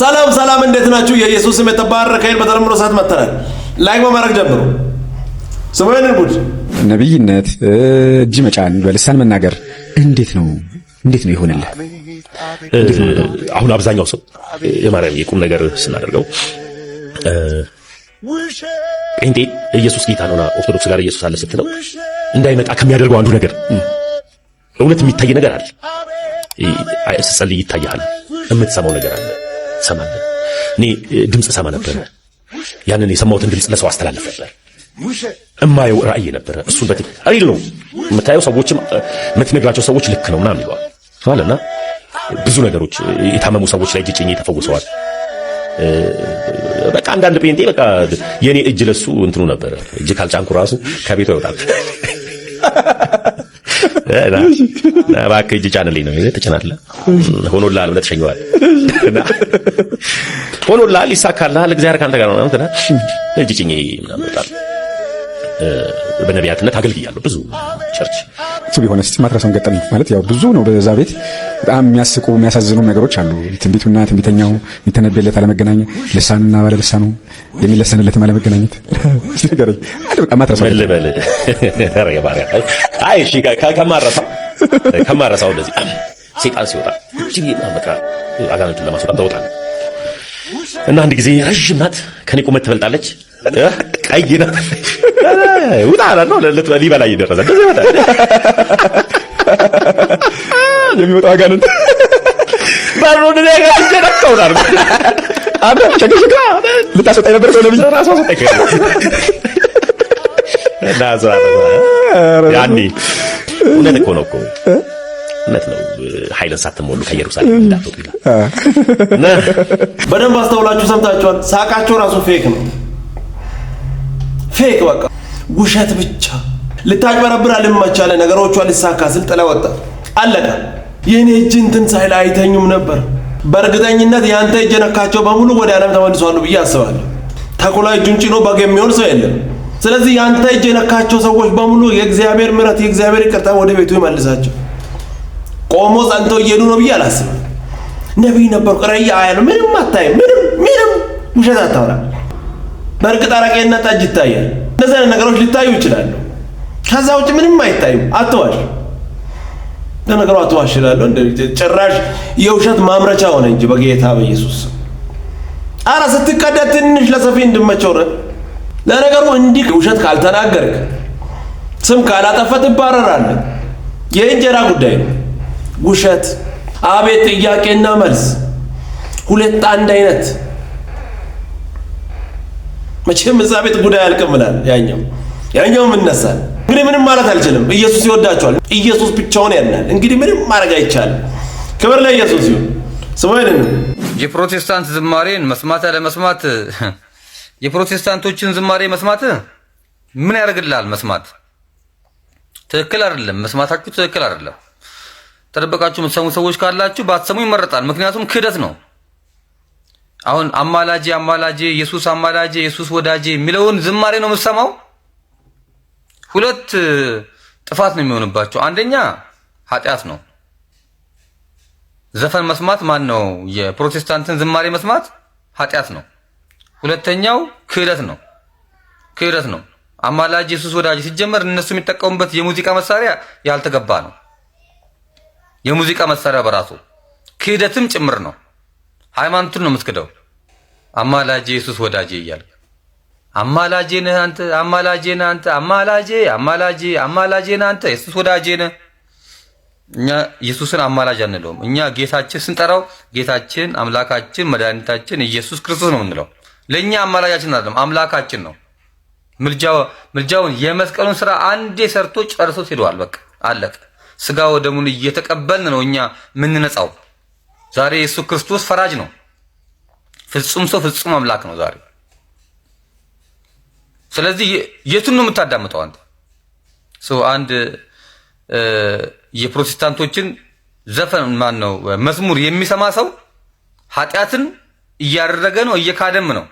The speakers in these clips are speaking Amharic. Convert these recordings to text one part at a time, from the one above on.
ሰላም ሰላም፣ እንዴት ናችሁ? የኢየሱስ ስም የተባረከ ይሁን። በተለምዶ ሰዓት መጥተናል። ላይክ በማድረግ ጀምሩ። ስሙንን ቡድ ነቢይነት፣ እጅ መጫን፣ በልሳን መናገር እንዴት ነው እንዴት ነው ይሆንልህ? አሁን አብዛኛው ሰው የማርያም የቁም ነገር ስናደርገው ጴንጤ ኢየሱስ ጌታ ነውና ኦርቶዶክስ ጋር ኢየሱስ አለ ስትለው እንዳይመጣ ከሚያደርገው አንዱ ነገር እውነት የሚታይ ነገር አለ። ስጸልይ ይታይሃል፣ የምትሰማው ነገር አለ ትሰማለህ። እኔ ድምፅ ሰማ ነበረ። ያንን የሰማሁትን ድምፅ ለሰው አስተላልፍ ነበር። እማየው ራእይ ነበረ። እሱ በት አይል ነው የምታየው፣ ሰዎችም የምትነግራቸው ሰዎች ልክ ነው ምናምን ይለዋል አለና ብዙ ነገሮች የታመሙ ሰዎች ላይ እጅ ጭኜ ተፈውሰዋል። በቃ አንዳንድ ጴንጤ በቃ የኔ እጅ ለሱ እንትኑ ነበረ። እጅ ካልጫንኩ ራሱ ከቤቱ ይወጣል። እባክህ እጅ ጫንልኝ ነው ትጭናለህ። ሆኖልሃል ብለህ ትሸኘዋለህ። ሆኖልሃል፣ ይሳካልሃል፣ እግዚአብሔር ካንተ ጋር ነው። እጅ ጭኝ ምናምን በነቢያትነት አገልግያለሁ። ብዙ ቸርች እሱ ቢሆን እስቲ ማትረሰውን ገጠመኝ ማለት ያው ብዙ ነው። በዛ ቤት በጣም የሚያስቁ የሚያሳዝኑ ነገሮች አሉ። ትንቢቱና ትንቢተኛው፣ የሚተነበይለት አለመገናኘት፣ ልሳንና ባለ ልሳኑ የሚለሰንለትም አለመገናኘት ነገረኝ። ከማረሳው እንደዚህ ሴጣን ሲወጣ አጋንንቱን ለማስወጣት ተወጣ እና አንድ ጊዜ ረዥም ናት፣ ከኔ ቁመት ትበልጣለች፣ ቀይ ናት ውጣ ነው አጋንንት ባሮን ላይ ጋር ተደረከው ዳርኩ አብረ ሸክል ልታስወጣ የነበረ ሰው ራሱ ያኔ እውነት እኮ ነው እኮ እውነት ነው። ኃይልን ሳትሞሉ ከኢየሩሳሌም እንዳትወጡ ይላል። በደንብ አስተውላችሁ ሰምታችኋል። ሳቃቸው ራሱ ፌክ ነው። ፌክ በቃ ውሸት ብቻ ልታጭበረብር አልማቻለ ነገሮቿ ሊሳካ ስል ወጣ አለቀ። የእኔ እጅ እንትን ሳይል አይተኙም ነበር። በእርግጠኝነት የአንተ እጅ ነካቸው በሙሉ ወደ ዓለም ተመልሷሉ ብዬ አስባለሁ። ተኩላ እጁን ጭኖ በግ የሚሆን ሰው የለም። ስለዚህ የአንተ እጅ የነካቸው ሰዎች በሙሉ የእግዚአብሔር ምረት የእግዚአብሔር ይቅርታ ወደ ቤቱ ይመልሳቸው። ቆሞ ጸንተው እየሄዱ ነው ብዬ አላስብም። ነቢይ ነበርኩ ረያ አያሉ ምንም አታይም። ምንም ምንም ውሸት አታወራም። በእርግጥ አረቄና ጠጅ ይታያል። እንደዚህ አይነት ነገሮች ሊታዩ ይችላሉ። ከዛ ውጭ ምንም አይታዩም። አትዋሽ፣ ለነገሩ አትዋሽ እላለሁ። ጭራሽ የውሸት ማምረቻ ሆነ እንጂ በጌታ በኢየሱስ አረ ስትቀደድ ትንሽ ለሰፊ እንድመቸው ረ ለነገሩ እንዲህ ውሸት ካልተናገርክ ስም ካላጠፈት ትባረራለህ። የእንጀራ ጉዳይ ነው ውሸት። አቤት ጥያቄና መልስ ሁለት አንድ አይነት መቼም እዛ ቤት ጉዳይ ያልቅምላል። ያኛው ያኛውም እነሳል። እንግዲህ ምንም ማለት አልችልም። ኢየሱስ ይወዳቸዋል። ኢየሱስ ብቻውን ያድናል። እንግዲህ ምንም ማድረግ አይቻልም። ክብር ለኢየሱስ ይሁን። ስሙ የፕሮቴስታንት ዝማሬን መስማት አለመስማት የፕሮቴስታንቶችን ዝማሬ መስማት ምን ያደርግልሃል? መስማት ትክክል አይደለም። መስማታችሁ ትክክል አይደለም። ተደበቃችሁ የምትሰሙ ሰዎች ካላችሁ ባትሰሙ ይመረጣል። ምክንያቱም ክህደት ነው። አሁን አማላጄ አማላጄ ኢየሱስ አማላጄ ኢየሱስ ወዳጄ የሚለውን ዝማሬ ነው የምትሰማው። ሁለት ጥፋት ነው የሚሆንባቸው። አንደኛ ኃጢአት ነው ዘፈን መስማት፣ ማን ነው የፕሮቴስታንትን ዝማሬ መስማት ኃጢአት ነው። ሁለተኛው ክህደት ነው። ክህደት ነው። አማላጅ ኢየሱስ ወዳጅ ሲጀመር እነሱ የሚጠቀሙበት የሙዚቃ መሳሪያ ያልተገባ ነው። የሙዚቃ መሳሪያ በራሱ ክህደትም ጭምር ነው። ሃይማኖትን ነው የምትክደው። አማላጅ ኢየሱስ ወዳጄ እያልክ አማላጄ ነህ አንተ፣ አማላጄ ነህ አንተ፣ አማላጄ አማላጄ አማላጄ ነህ አንተ፣ ኢየሱስ ወዳጄ ነህ። እኛ ኢየሱስን አማላጅ አንለውም። እኛ ጌታችን ስንጠራው ጌታችን አምላካችን መድኃኒታችን ኢየሱስ ክርስቶስ ነው የምንለው። ለእኛ አማላጃችን አይደለም፣ አምላካችን ነው። ምልጃው ምልጃውን የመስቀሉን ስራ አንዴ ሰርቶ ጨርሶ ሄደዋል። በቃ አለቀ። ስጋ ወደሙን እየተቀበልን ነው እኛ የምንነጻው። ዛሬ ኢየሱስ ክርስቶስ ፈራጅ ነው። ፍጹም ሰው ፍጹም አምላክ ነው ዛሬ። ስለዚህ የቱን ነው የምታዳምጠው አንተ? ሰው አንድ የፕሮቴስታንቶችን ዘፈን ማን ነው መዝሙር የሚሰማ ሰው ኃጢአትን እያደረገ ነው እየካደም ነው።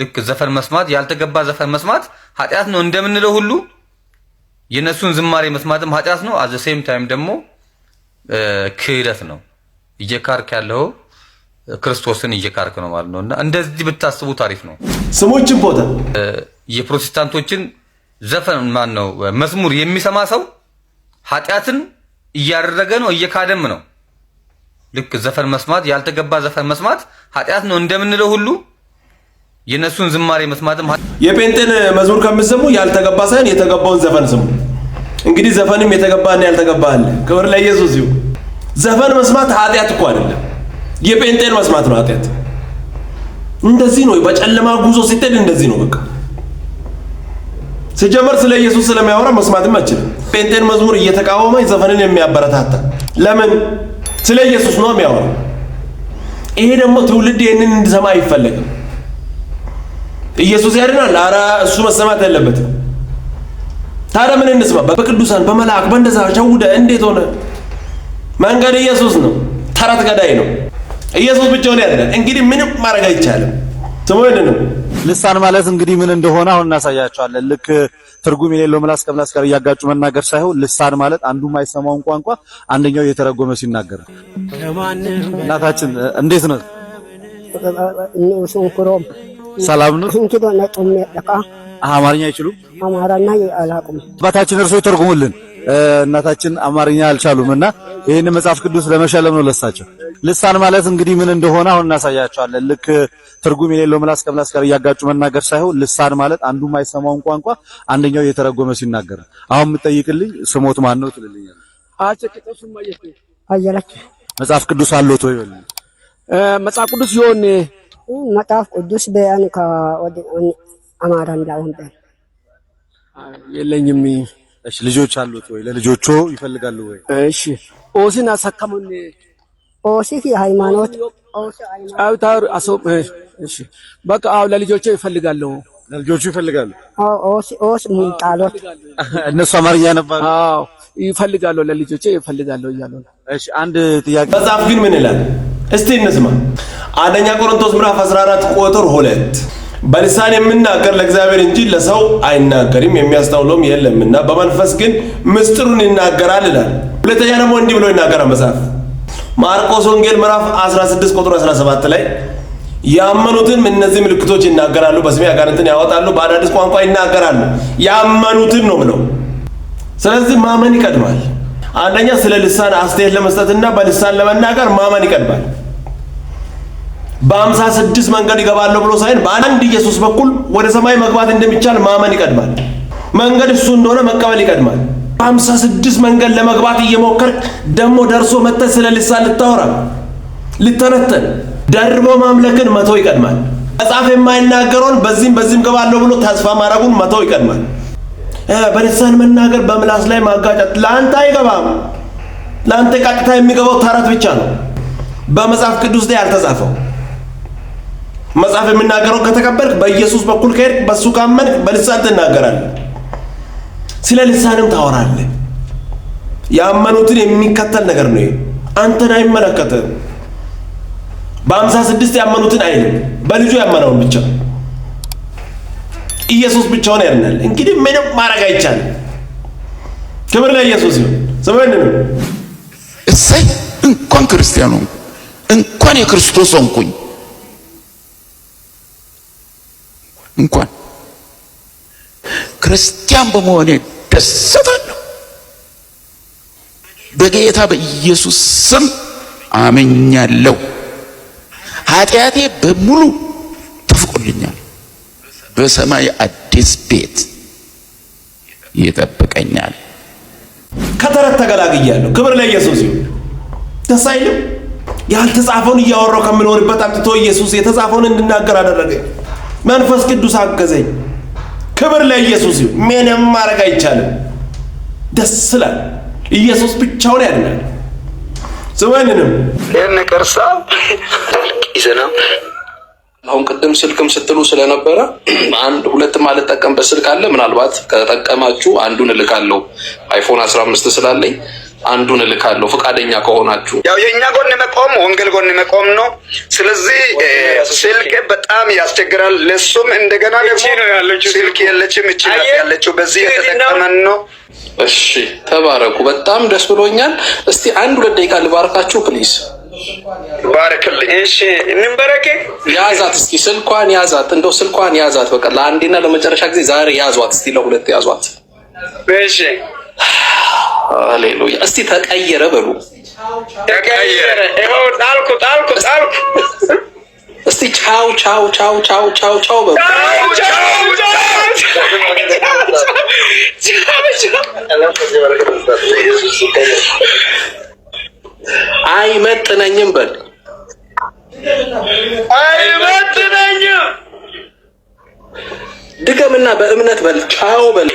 ልክ ዘፈን መስማት ያልተገባ ዘፈን መስማት ኃጢአት ነው እንደምንለው ሁሉ የእነሱን ዝማሬ መስማትም ኃጢአት ነው። አዘ ሴም ታይም ደግሞ ክህደት ነው እየካርክ ያለው ክርስቶስን እየካርክ ነው ማለት ነው። እና እንደዚህ ብታስቡ ታሪፍ ነው። ስሞችን ቦታ የፕሮቴስታንቶችን ዘፈን ማን ነው መዝሙር የሚሰማ ሰው ኃጢአትን እያደረገ ነው እየካደም ነው። ልክ ዘፈን መስማት ያልተገባ ዘፈን መስማት ኃጢአት ነው እንደምንለው ሁሉ የእነሱን ዝማሬ መስማትም የጴንጤን መዝሙር ከምትሰሙ ያልተገባ ሳይሆን የተገባውን ዘፈን ስሙ። እንግዲህ ዘፈንም የተገባና ያልተገባ አለ። ክብር ለኢየሱስ ይሁን። ዘፈን መስማት ኃጢአት እኮ አይደለም። የጴንጤን መስማት ነው ኃጢአት። እንደዚህ ነው። በጨለማ ጉዞ ሲሄድ እንደዚህ ነው። በቃ ሲጀመር ስለ ኢየሱስ ስለሚያወራ መስማትም አይችልም። ጴንጤን መዝሙር እየተቃወመ ዘፈንን የሚያበረታታ ለምን? ስለ ኢየሱስ ነው የሚያወራ። ይሄ ደግሞ ትውልድ ይህንን እንዲሰማ አይፈለግም። ኢየሱስ ያድናል፣ ኧረ እሱ መሰማት ያለበትም። ታዲያ ምን እንስማ? በቅዱሳን በመልአክ በእንደዛ ሸውደ እንዴት ሆነ? መንገድ ኢየሱስ ነው። ተረት ገዳይ ነው። ኢየሱስ ብቻውን ያለ እንግዲህ ምንም ማድረግ አይቻልም። ስሙ ነው ልሳን ማለት እንግዲህ ምን እንደሆነ አሁን እናሳያቸዋለን። ልክ ትርጉም የሌለው ምላስ ከምላስ ጋር እያጋጩ መናገር ሳይሆን ልሳን ማለት አንዱ የማይሰማውን ቋንቋ አንደኛው እየተረጎመ ሲናገር። እናታችን እንዴት ነው? ሰላም ነው? አማርኛ አይችሉም። አማራና አላውቅም። አባታችን እርሶ ይተርጉሙልን። እናታችን አማርኛ አልቻሉም እና ይህን መጽሐፍ ቅዱስ ለመሸለም ነው ለሳቸው። ልሳን ማለት እንግዲህ ምን እንደሆነ አሁን እናሳያቸዋለን። ልክ ትርጉም የሌለው ምላስ ከምላስ ጋር እያጋጩ መናገር ሳይሆን ልሳን ማለት አንዱ የማይሰማውን ቋንቋ አንደኛው እየተረጎመ ሲናገር። አሁን የምጠይቅልኝ ስሞት ማን ነው ትልልኛለህ። መጽሐፍ ቅዱስ አሎት ወይ? መጽሐፍ ቅዱስ ይሆን መጽሐፍ ቅዱስ በያን ከአማራን ላይ የለኝም እሺ ልጆች አሉት ወይ? ለልጆቹ ይፈልጋሉ ወይ? እሺ ኦሲን አሳከሙን ኦሲ ሃይማኖት አውታር አሶ እሺ በቃ አው ለልጆቹ ይፈልጋሉ፣ ለልጆቹ ይፈልጋሉ። ኦሲ ኦስ ሙንጣሎት እነሱ አማርኛ ነበር። አዎ ይፈልጋሉ፣ ለልጆቹ ይፈልጋሉ እያሉ ነው። እሺ አንድ ጥያቄ መጽሐፍ ግን ምን ይላል? እስቲ እንስማ። አንደኛ ቆሮንቶስ ምዕራፍ 14 ቁጥር ሁለት በልሳን የምናገር ለእግዚአብሔር እንጂ ለሰው አይናገርም የሚያስተውለውም የለምና በመንፈስ ግን ምስጢሩን ይናገራል ይላል። ሁለተኛ ደግሞ እንዲህ ብሎ ይናገራል መጽሐፍ ማርቆስ ወንጌል ምዕራፍ 16 ቁጥር 17 ላይ ያመኑትም እነዚህ ምልክቶች ይናገራሉ፣ በስሜ አጋንንትን ያወጣሉ፣ በአዳዲስ ቋንቋ ይናገራሉ። ያመኑትን ነው ብለው። ስለዚህ ማመን ይቀድማል። አንደኛ ስለ ልሳን አስተያየት ለመስጠትና በልሳን ለመናገር ማመን ይቀድማል። በአምሳ ስድስት መንገድ ይገባለሁ ብሎ ሳይን በአንድ ኢየሱስ በኩል ወደ ሰማይ መግባት እንደሚቻል ማመን ይቀድማል። መንገድ እሱ እንደሆነ መቀበል ይቀድማል። በአምሳ ስድስት መንገድ ለመግባት እየሞከር ደግሞ ደርሶ መተ ስለ ልሳን ልታወራ ልተነተን ደርቦ ማምለክን መተው ይቀድማል። መጽሐፍ የማይናገረውን በዚህም በዚህም ገባለሁ ብሎ ተስፋ ማድረጉን መተው ይቀድማል። በልሳን መናገር በምላስ ላይ ማጋጨት ለአንተ አይገባም። ለአንተ ቀጥታ የሚገባው ተረት ብቻ ነው፣ በመጽሐፍ ቅዱስ ላይ ያልተጻፈው መጽሐፍ የምናገረው ከተቀበልክ በኢየሱስ በኩል ከሄድክ በሱ ካመንክ በልሳን ትናገራለህ። ስለ ልሳንም ታወራለህ። ያመኑትን የሚከተል ነገር ነው። አንተን አይመለከትም። በአምሳ ስድስት ያመኑትን አይልም፣ በልጁ ያመነውን ብቻ ኢየሱስ ብቻውን ያድናል። እንግዲህ ምንም ማድረግ አይቻልም። ክብር ለኢየሱስ ይሁን። ዘመን ነው። እሰይ እንኳን ክርስቲያኑ እንኳን የክርስቶስ ሆንኩኝ እንኳን ክርስቲያን በመሆኔ ደሰታለሁ። በጌታ በኢየሱስ ስም አመኛለሁ። ኃጢአቴ በሙሉ ተፍቆልኛል። በሰማይ አዲስ ቤት ይጠብቀኛል። ከተረት ተገላግያለሁ። ክብር ለኢየሱስ ይሁን። ደስ አይልም? ያልተጻፈውን እያወራው ከምኖርበት አምጥቶ ኢየሱስ የተጻፈውን እንድናገር አደረገኝ። መንፈስ ቅዱስ አገዘኝ። ክብር ለኢየሱስ ይሁን። ምንም ማድረግ አይቻልም። ደስ ይላል። ኢየሱስ ብቻውን ያድናል። ዘመንንም ይህን ቀርሳ ይዘናም አሁን ቅድም ስልክም ስትሉ ስለነበረ አንድ ሁለት አልጠቀምበት ስልክ አለ። ምናልባት ከጠቀማችሁ አንዱን እልካለሁ። አይፎን አምስት ስላለኝ አንዱን እልካለሁ ፈቃደኛ ከሆናችሁ። ያው የእኛ ጎን መቆም ወንጌል ጎን መቆም ነው። ስለዚህ ስልክ በጣም ያስቸግራል። ለሱም እንደገና ደግሞ ስልክ የለችም እች ያለችው በዚህ የተጠቀመን ነው። እሺ ተባረኩ። በጣም ደስ ብሎኛል። እስቲ አንድ ሁለት ደቂቃ ልባርካችሁ ፕሊዝ። ባረክልኝ። እሺ እንበረከ ያዛት እስቲ ስልኳን ያዛት፣ እንደው ስልኳን ያዛት። በቃ ለአንዴና ለመጨረሻ ጊዜ ዛሬ ያዟት፣ እስቲ ለሁለት ያዟት። እሺ ሃሌሉያ። እስቲ ተቀየረ በሉ። ተቀየረ። ጣልኩ ጣልኩ ጣልኩ። እስቲ ቻው ቻው ቻው ቻው ቻው ቻው በሉ። አይመጥነኝም በል። አይመጥነኝም ድገምና በእምነት በል። ቻው በል።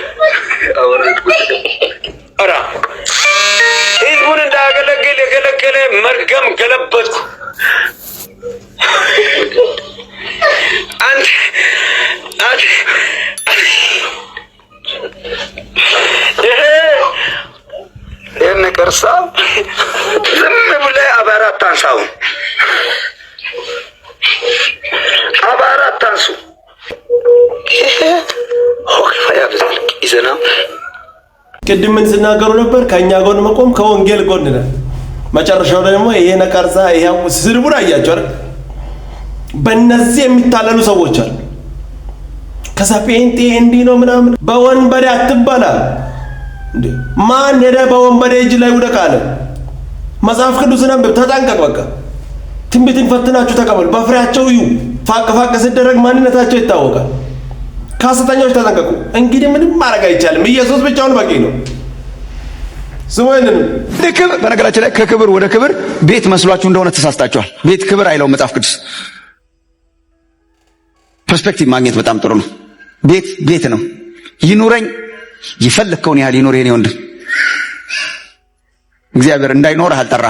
ህዝቡን እንዳገለግል የገለገለ መርገም ገለበጥኩ። ቅድም ምን ስናገሩ ነበር? ከእኛ ጎን መቆም ከወንጌል ጎን ነን። መጨረሻው ደግሞ ይሄ ነቀርሳ ይሄ ስድቡን አያቸው አይደል? በእነዚህ የሚታለሉ ሰዎች አሉ። ከዛ እንዲህ ነው ምናምን በወንበዴ አትባላል። ማን ሄደ በወንበዴ እጅ ላይ ውደቅ አለ? መጽሐፍ ቅዱስ ነብብ፣ ተጠንቀቅ። በቃ ትንቢትን ፈትናችሁ ተቀበሉ። በፍሬያቸው እዩ። ፋቅ ፋቅ ሲደረግ ማንነታቸው ይታወቃል። ከሐሰተኞች ተጠንቀቁ። እንግዲህ ምንም ማድረግ አይቻልም። ኢየሱስ ብቻውን በቂ ነው። ስሞይንም ክብር በነገራችን ላይ ከክብር ወደ ክብር ቤት መስሏችሁ እንደሆነ ተሳስታችኋል። ቤት ክብር አይለው መጽሐፍ ቅዱስ። ፐርስፔክቲቭ ማግኘት በጣም ጥሩ ነው። ቤት ቤት ነው። ይኑረኝ የፈለግከውን ያህል ይኑር የኔ ወንድም። እግዚአብሔር እንዳይኖርህ አልጠራ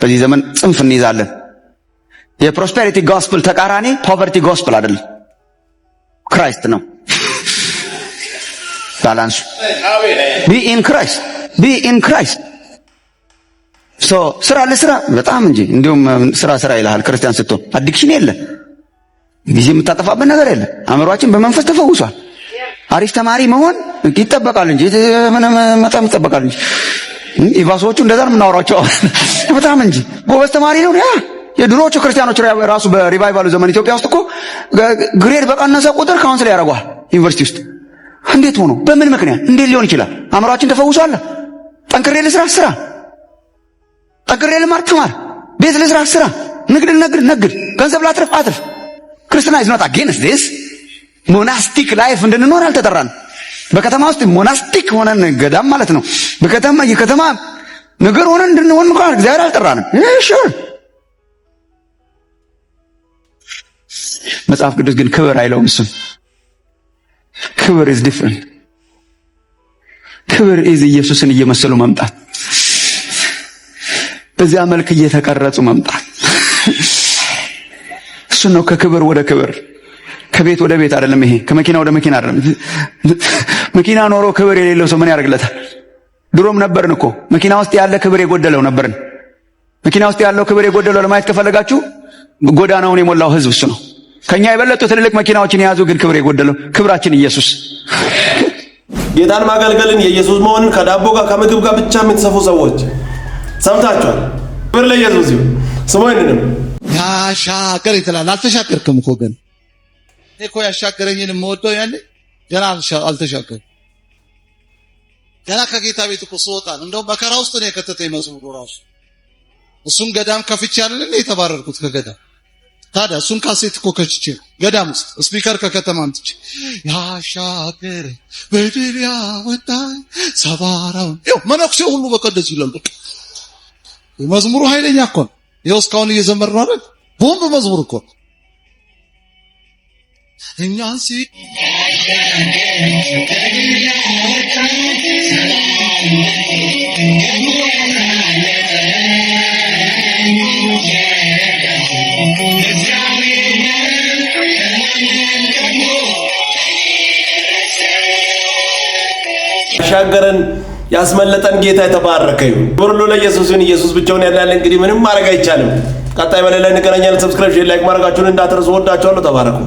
በዚህ ዘመን ጽንፍ እንይዛለን። የፕሮስፔሪቲ ጎስፕል ተቃራኒ ፖቨርቲ ጎስፕል አይደለም፣ ክራይስት ነው። ባላንሱ ቢ ኢን ክራይስት ቢ ኢን ክራይስት ሶ ስራ ለስራ በጣም እንጂ እንዲሁም ስራ ስራ ይልሃል። ክርስቲያን ስትሆን አዲክሽን የለ፣ ጊዜ የምታጠፋበት ነገር የለ። አእምሯችን በመንፈስ ተፈውሷል። አሪፍ ተማሪ መሆን ይጠበቃል እንጂ ምንም መጣም ይጠበቃል እንጂ ኢቫሶቹ እንደዛ ነው የምናወራቸው በጣም እንጂ ጎበዝ ተማሪ ነው ያ የድሮቹ ክርስቲያኖች ራሱ በሪቫይቫሉ ዘመን ኢትዮጵያ ውስጥ እኮ ግሬድ በቀነሰ ቁጥር ካውንስል ያደርጓል ዩኒቨርሲቲ ውስጥ። እንዴት ሆኖ በምን ምክንያት እንዴት ሊሆን ይችላል? አእምሯችን ተፈውሷል። ጠንክሬ ልስራ ስራ፣ ጠንክሬ ልማር ትማር፣ ቤት ልስራ ስራ፣ ንግድ ነግድ ነግድ፣ ገንዘብ ላትርፍ አትርፍ። ክርስትና ይዝኖት አጌንስ ዲስ ሞናስቲክ ላይፍ እንድንኖር አልተጠራን። በከተማ ውስጥ ሞናስቲክ ሆነን ገዳም ማለት ነው። በከተማ የከተማ ነገር ሆነን እንድንሆን እንኳን እግዚአብሔር አልጠራንም። መጽሐፍ ቅዱስ ግን ክብር አይለውም። እሱም ክብር ኢዝ ዲፍረንት። ክብር ኢዝ ኢየሱስን እየመሰሉ መምጣት፣ በዚያ መልክ እየተቀረጹ መምጣት። እሱ ነው ከክብር ወደ ክብር ከቤት ወደ ቤት አይደለም። ይሄ ከመኪና ወደ መኪና አይደለም። መኪና ኖሮ ክብር የሌለው ሰው ምን ያደርግለታል? ድሮም ነበርን እኮ መኪና ውስጥ ያለ ክብር የጎደለው ነበርን። መኪና ውስጥ ያለው ክብር የጎደለው ለማየት ከፈለጋችሁ ጎዳናውን የሞላው ህዝብ እሱ ነው። ከኛ የበለጡ ትልልቅ መኪናዎችን የያዙ ግን ክብር የጎደለው ክብራችን ኢየሱስ። ጌታን ማገልገልን የኢየሱስ መሆንን ከዳቦ ጋር ከምግብ ጋር ብቻ የምትሰፉ ሰዎች ሰምታችኋል። ክብር ለኢየሱስ ይሁን። ስሙ ይንንም ያሻገር ይትላል። አልተሻገርክም እኮ ግን እኔ እኮ ያሻገረኝን የምወደው ያኔ ገና አልተሻገር ገና ከጌታ ቤት እኮ ስወጣ እንደውም መከራ ውስጥ ነው የከተተኝ መዝሙሩ ራሱ። እሱን ገዳም ከፍቼ አይደል የተባረርኩት ከገዳም ታዲያ እሱን ካሴት እኮ ከችቼ ገዳም ውስጥ ስፒከር ከከተማ ምትች ያሻገር በድል ያወጣ ሰባራው መነኩሴ ሁሉ በቀደስ ይላል። መዝሙሩ ኃይለኛ እኮ ነው። ይኸው እስካሁን እየዘመር ነው አይደል? ቦምብ መዝሙር እኮ ነው። እኛን ሻገረን ያስመለጠን ጌታ የተባረከ ይሁን። ክብር ሁሉ ለኢየሱስ ይሁን። ኢየሱስ ብቻውን ያላለ እንግዲህ ምንም ማድረግ አይቻልም። ቀጣይ በሌላ እንገናኛለን። ሰብስክራይብ፣ ላይክ ማድረጋችሁን እንዳትረሱ። ወዳችኋለሁ። ተባረኩ።